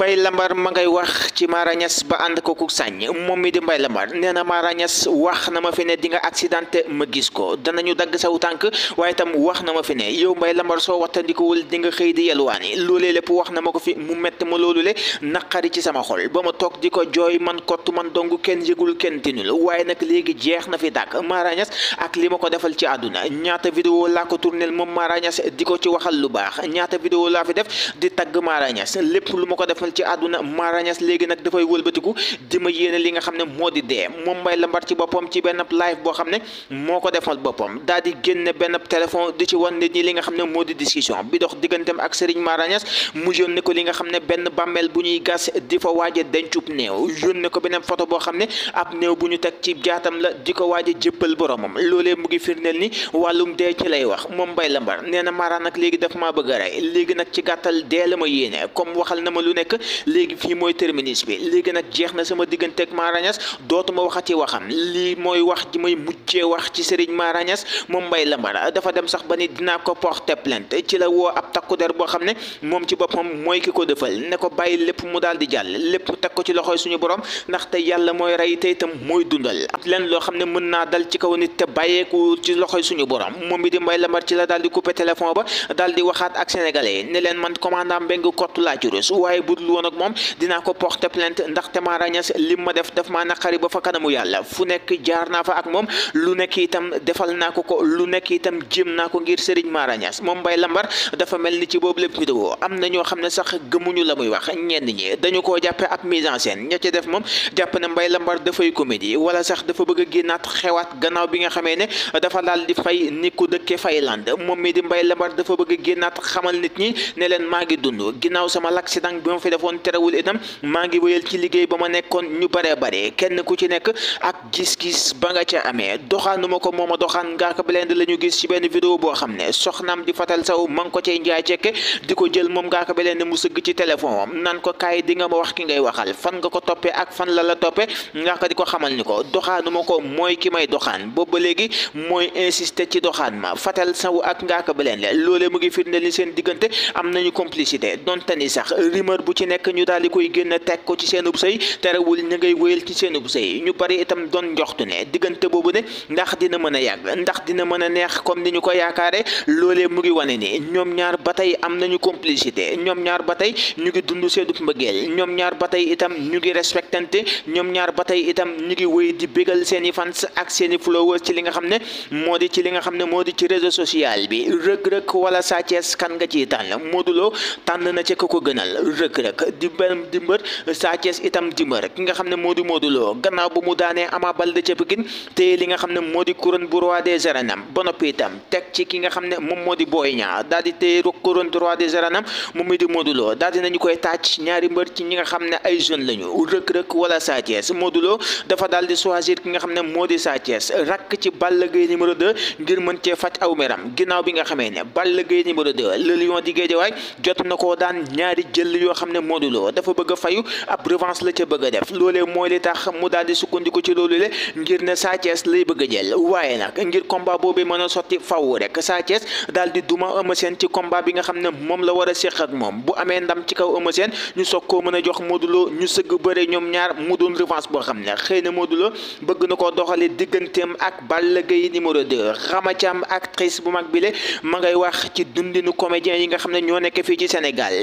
Mbaye Lambar ma ngay wax ci Mara ba ànd ko ku sàññ moom mi di Mbaye Lambar nee na Mara Niass wax na ma fi ne di nga accidenté ma gis ko danañu dagg saw tànk waaye itam wax na ma fi ne yow mbay Lambar soo wattandikuwul di nga xëy di yelwaani loolee lépp wax na ma ko fi mu métti ma loolu le naqari ci sama xol ba ma toog di ko jooy man kott man dong kenn yëgul kenn tinul waaye nag léegi jeex na fi dàq marañas ak li ma ko defal ci àdduna ñaata vidéo laa ko moom Mara Niass di ko ci waxal lu baax ñaata vidéo laa fi def di tagg Mara ci àdduna marañas léegi nag dafay wëlbatiku di ma yéene li nga xam ne moo di dee moom Mbaye Lambar ci boppam ci benn live boo xam ne moo ko defal boppam daal di génne benn téléphone di ci wan nit li nga xam ne moo di discussion bi dox digganteem ak Serigne marañas mu ne ko li nga xam ne benn bàmmeel bu ñuy gas di fa waaje dencub néew yónne ko beneen photo boo xam ne ab néew bu ñu teg ci jaatam la di ko waaje jëppal boromam loolee mu ngi firndeel ni wàllum dee lay wax moom Mbaye Lambar nee na Mara nag léegi daf maa bëgg a léegi nag ci gàttal dee la ma yéene comme waxal na ma lu nekk léegi fii mooy terminus bi léegi nag jeex na sama diggante ak Marañas dootuma waxati waxam lii mooy wax ji may mujjee wax ci Serigne Marañas moom Mbaye Lamara dafa dem sax ba ni dinaa ko porter plainte ci la woo ab takku der boo xam ne moom ci boppam mooy ki ko defal ne ko bàyyi lépp mu daal di jàll lépp teg ko ci loxoy suñu borom ndaxte yàlla mooy rey tey itam mooy dundal ab lenn loo xam ne mën naa dal ci kaw nit te bàyyeeku ci loxoy suñu borom moom mi di Mbaye Lamar ci la daal di couper téléphone ba daal di ak sénégalais ne leen man commandant Mbengue kott woon ak moom dinaa ko porter plainte ndaxte Mara Niass li ma def daf maa naqari ba fa kanamu yàlla fu nekk jaar naa fa ak moom lu nekk itam defal naa ko ko lu nekk itam jéem naa ko ngir Serigne Mara Niass moom mbay Lambar dafa mel ni ci boobu lépp vidéo am na ñoo xam ne sax gëmuñu la muy wax ñenn ñi dañu koo jàppe ab mise en scène ña ci def moom jàpp ne Mbaye Lambar dafay comédie wala sax dafa bëgg a génnaat xewaat gannaaw bi nga xamee ne dafa daal di fay ni ku dëkke Fayland moom mi di Mbaye Lambar dafa bëgg a génnaat defoon terewul itam maa ngi wéyal ci liggéey ba ma nekkoon ñu bare bare kenn ku ci nekk ak gis-gis ba nga ca amee doxaanu ma ko mooma doxaan Ngaaka Blindé la ñu gis ci benn vidéo boo xam ne soxnaam di fatal saw ma ngi ko cay njaay cekke di ko jël moom Ngaaka Blindé mu sëgg ci téléphone am nan ko kaay di nga ma wax ki ngay waxal fan nga ko toppee ak fan la la toppee Ngaaka di ko xamal ni ko doxaanuma ma ko mooy ki may doxaan booba léegi mooy insiste ci doxaan ma fatal saw ak Ngaaka Blindé loolee mu ngi firnde li seen diggante am nañu complicité donte sax rumeur bu ci nekk ñu daal di koy génn teg ko ci seen sëy terewul ñu ngay wéyal ci seenub sëy ñu bari itam doon njoxtu ne diggante boobu ne ndax dina mën a yàgg ndax dina mën a neex comme ni ñu ko yaakaare loole mu ngi wane ni ñoom ñaar ba tey am nañu complicité ñoom ñaar ba tey ñu ngi dund seenub mbëggeel ñoom ñaar ba tey itam ñu ngi respectante ñoom ñaar ba tey itam ñu ngi wéy di bégal seeni fans ak seeni followers ci li nga xam ne moo di ci li nga xam ne moo di ci réseau social bi rëg wala Sa kan nga ciy tànn Modou Lo tànn na ci ko ko gënal rëg-rëg nag di benn di mbër Sa Thiès itam di mbër ki nga xam ne moo di Modou Lo gannaaw bu mu daanee Ama Baldé ca Pikine te li nga xam ne moo di couronne bu roi des arènes am ba noppi itam teg ci ki nga xam ne moom moo di Boy Niang daal di téye couronne roi des arènes am moom mi di Modou Lo daal di nañu koy tàcc ñaari mbër ci ñi nga xam ne ay jeunes lañu Reug Reug wala Sa Thiès Modou dafa daal di choisir ki nga xam ne moo di Sa Thiès rakk ci Balla Gaye numéro de ngir mën cee faj aw meram ginnaaw bi nga xamee ne Balla Gaye numéro 2 le lion di Modou Lo dafa bëgg a fayu ab revanche la ca bëgg a def loolee mooy li tax mu daal sukkandiku ci loolu le ngir ne Sa lay bëgg a jël waaye nag ngir combat boobu mën a sotti faw rek Sa Thiès duma Eumeu ci combat bi nga xam ne moom la war a séq ak moom bu amee ndam ci kaw Eumeu ñu soog koo mën a jox Modou ñu sëgg bëre ñoom ñaar mu doon revanche boo xam ne xëy na Modou Lo bëgg na koo doxale digganteem ak Balla Gaye numéro de Rama Thiam actrice bu mag bile ma ngay wax ci dundinu comédien yi nga xam ne ñoo nekk fii ci Sénégal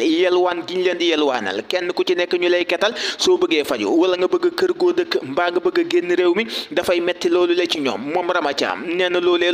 yalwaanal kenn ku ci nekk ñu lay ketal soo bëggee faju wala nga bëgg kër goo dëkk mbaa nga bëgg a génn réew mi dafay metti loolu la ci ñoom moom Rama Thiam nee na la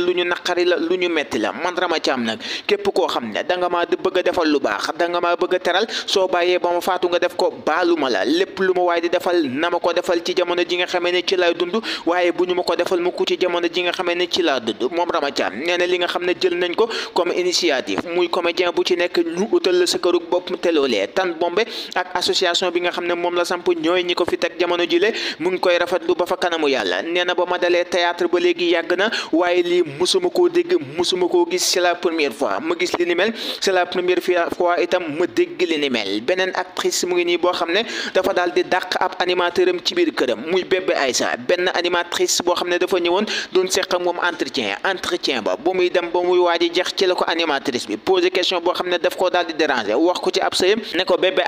lu ñu metti la man Rama Thiam nag képp koo xam ne danga maa bëgg a defal lu baax danga maa bëgg a teral soo bàyyee ba ma faatu nga def ko baalu ma la lépp ma waaye di defal na ma ko defal ci jamono ji nga xamee ne ci lay dund waaye bu ñu ko defal mu ku ci jamono ji nga xamee ne ci laa dund moom Rama Thiam nee na li nga xam ne jël nañ ko comme initiative muy comédien bu ci nekk ñu utal la sa kërug bopp te tan bombe ak association bi nga xam ne moom la samp ñooy ñi ko fi teg jamono jile mu ngi koy rafetlu ba fa kanamu yàlla nee na ba ma dalee théâtre ba léegi yàgg na waaye lii musuma koo dégg musuma koo gis c'est la première fois ma gis li ni mel c'est la première fois itam ma dégg li ni mel beneen actrice mu ngi nii boo xam ne dafa daal di dàq ab animateur am ci biir këram muy bébé Aïssa benn animatrice boo xam ne dafa ñëwoon doon seq ak moom entretien entretien ba ba muy dem ba muy waaj a jeex ci la ko animatrice bi posé question boo xam ne daf koo daal di déranger wax ko ci ab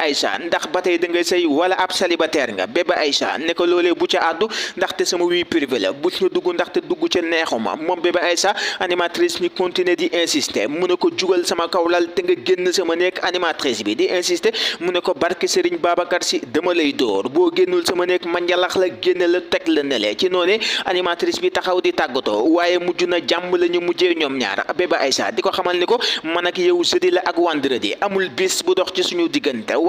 Aïcha ndax ba tey da nga sëy wala ab célibataire nga bébé Aïcha ne ko bu ca àddu te sama wii privé la bu ca dugg ndaxte dugg ca neexuma moom bébé Aïcha animatrice bi di insister mu ne ko jugal sama kaw lal te nga génn sama nekk animatrice bi di insister mu ne ko barke Serigne Babacar Sy dama lay dóor boo génnul sama nekk manjalax la génne la teg la ne ci noonu animatrice bi taxaw di tàggatoo waaye mujj na jàmm la ñu mujjee ñoom ñaar bébé Aïcha di ko xamal ni ko man ak yow jeudi la ak vendredi amul bis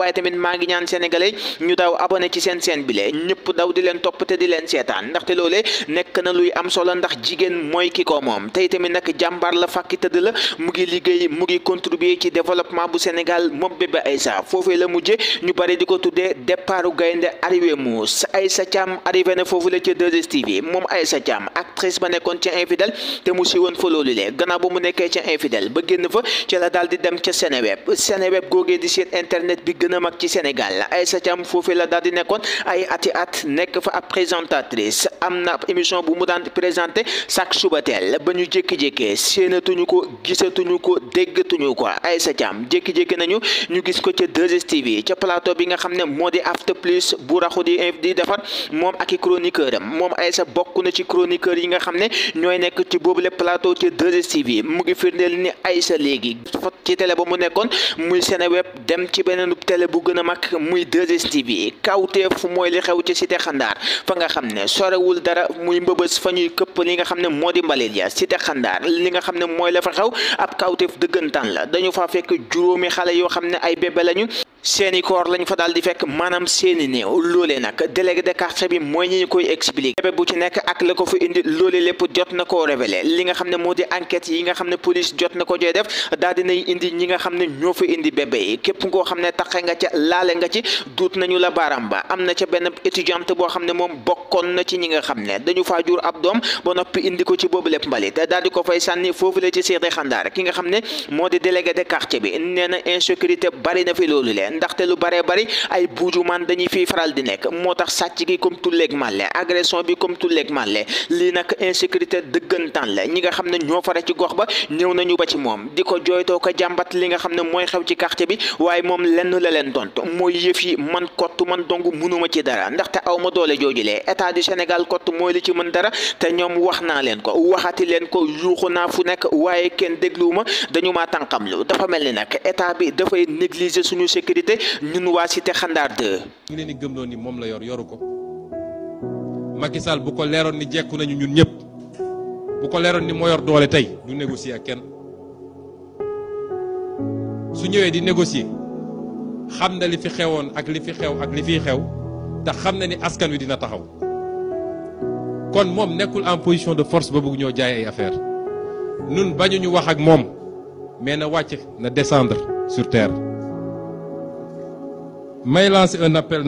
waaye tamit maa ngi ñaan sénégalais ñu daw abonné ci seen seen bile ñëpp daw di leen topp te di leen seetaan ndaxte loolee nekk na luy am solo ndax jigéen mooy ki ko moom tey tamit nag jàmbaar la fàkki tëdd la mu ngi liggéey mu ngi contribuer ci développement bu Sénégal moom Bébé Aïssa foofee la mujje ñu bari di ko tuddee départu gaynde arrivé muus Aïssa Thiam arrivé na foofu la ca 2STV moom Aïssa Thiam actrice ba nekkoon ci infidèle te mu siiwoon fa loolu le gannaaw ba mu nekkee ci infidèle ba génn fa ci la daal di dem ca Seneweb Seneweb googee a a mag ci Sénégal Aïssa Thiam foofee la daal nekkoon ay ati at nekk fa ab présentatrice am na ab bu mu daan présenté chaque suba teel ba ñu jékki-jékkee séenatuñu ko gisatuñu ko déggatuñu ko sa Thiam jékki-jékki nañu ñu gis ko ca 2STV ca plateau bi nga xam ne moo di After Plus bu raxu di di defar moom ak i chroniqueur am moom Aïssa bokk na ci chroniqueur yi nga xam ne ñooy nekk ci boobule plateau ca 2STV mu ngi firndeel ni Aïssa léegi fot ci télé ba mu nekkoon muy Seneweb dem ci beneen télé bu gën a mag muy 2STV kawteef mooy li xew ci cité xandaar fa nga xam ne sorewul dara muy mbëbës fa ñuy këpp li nga xam ne moo di mbalit ya cité xandaar li nga xam ne mooy la fa xew ab kawteef dëggantaan la dañu fa fekk juróomi xale yoo xam ne ay bébé lañu seeni koor lañ fa daal di fekk maanaam seeni néew loolee nag délégué de quartier bi mooy ñi ñu koy expliqué bu ci nekk ak la ko fi indi loole lépp jot na koo révélé li nga xam ne moo di enquête yi nga xam ne police jot na ko joy def daal dinay indi ñi nga xam ne ñoo fa indi bébé yi képp koo xam ne taqe nga ca laale nga ci duut nañu la baaram ba am na ca benn étudiante boo xam ne moom bokkoon na ci ñi nga xam ne dañu faa jur ab doom ba noppi indi ko ci boobu lépp mbalit daal di ko fay sànni foofu la ci seeti xandaar ki nga xam ne moo di délégué de quartier bi nee na insécurité bari na fi loolu leen ndaxte lu baree bari ay buujumaan dañuy fiy faral di nekk moo tax sàcc gi comme tulleeg màlle agression bi comme tulleeg màlle lii nag insécurité dëggantaan la ñi nga xam ne ñoo fare ci gox ba ñëw nañu ba ci moom di ko jooytoo ko jàmbat li nga xam ne mooy xew ci quartier bi waaye moom lenn la leen tontu mooy yëf yi man kot man dong munuma ci dara ndaxte aw ma doole joojulee état du Sénégal kott mooy li ci mën dara te ñoom wax naa leen ko waxati leen ko yuuxu naa fu nekk waaye kenn dégluwuma dañu maa tànqamlu dafa sécurité ñun waa Cité Xandaar 2. ñu leen di gëmloo ni moom la yor yoru ko Macky Sall bu ko leeroon ni jekku nañu ñun ñëpp bu ko leeroon ni moo yor doole tey du négocier ak kenn su ñëwee di négocier xam na li fi xewoon ak li fi xew ak li fiy xew te xam na ni askan wi dina taxaw kon moom nekkul en position de force ba bëgg ñoo jaay ay affaire nun bañu ñu wax ak moom mais na wàcc na descendre sur terre may lancer un appel